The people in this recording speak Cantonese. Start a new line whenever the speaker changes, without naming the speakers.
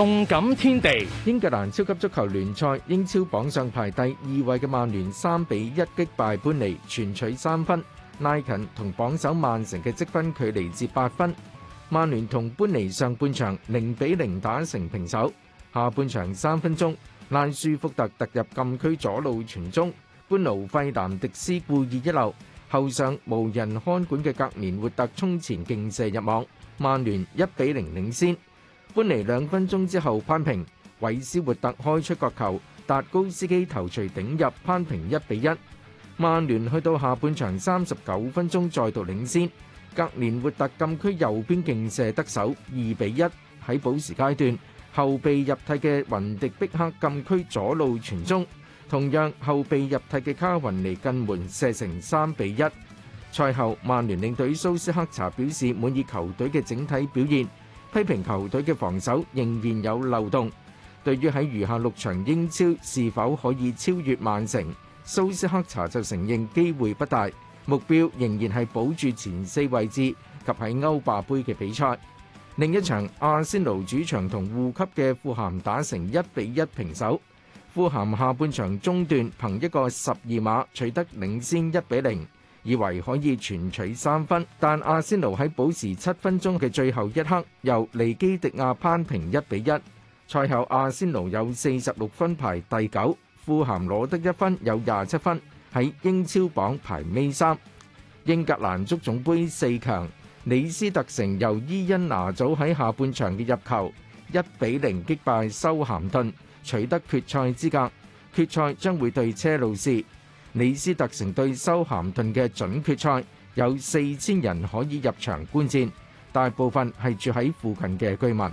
動感天地，英格蘭超級足球聯賽，英超榜上排第二位嘅曼聯三比一擊敗般尼，全取三分，拉近同榜首曼城嘅積分距離至八分。曼聯同般尼上半場零比零打成平手，下半場三分鐘，拉舒福特突入禁區左路傳中，般奴費南迪斯故意一漏，後上無人看管嘅格連活特衝前勁射入網，曼聯一比零領先。般尼兩分鐘之後，攀平。韋斯活特開出角球，達高斯基頭槌頂入，攀平一比一。曼聯去到下半場三十九分鐘，再度領先。格連活特禁區右邊勁射得手，二比一。喺補時階段，後備入替嘅雲迪碧克禁區左路傳中，同樣後備入替嘅卡雲尼近門射成三比一。賽後，曼聯領隊蘇斯克查表示滿意球隊嘅整體表現。批評球隊嘅防守仍然有漏洞，對於喺餘下六場英超是否可以超越曼城，蘇斯克查就承認機會不大，目標仍然係保住前四位置及喺歐霸盃嘅比賽。另一場，以為可以全取三分，但阿仙奴喺保持七分鐘嘅最後一刻，由尼基迪亞攀平一比一。賽後阿仙奴有四十六分排第九，富咸攞得一分有廿七分，喺英超榜排尾三。英格蘭足總盃四強，李斯特城由伊恩拿祖喺下半場嘅入球，一比零擊敗修咸頓，取得決賽資格。決賽將會對車路士。李斯特城對修咸頓嘅準決賽有四千人可以入場觀戰，大部分係住喺附近嘅居民。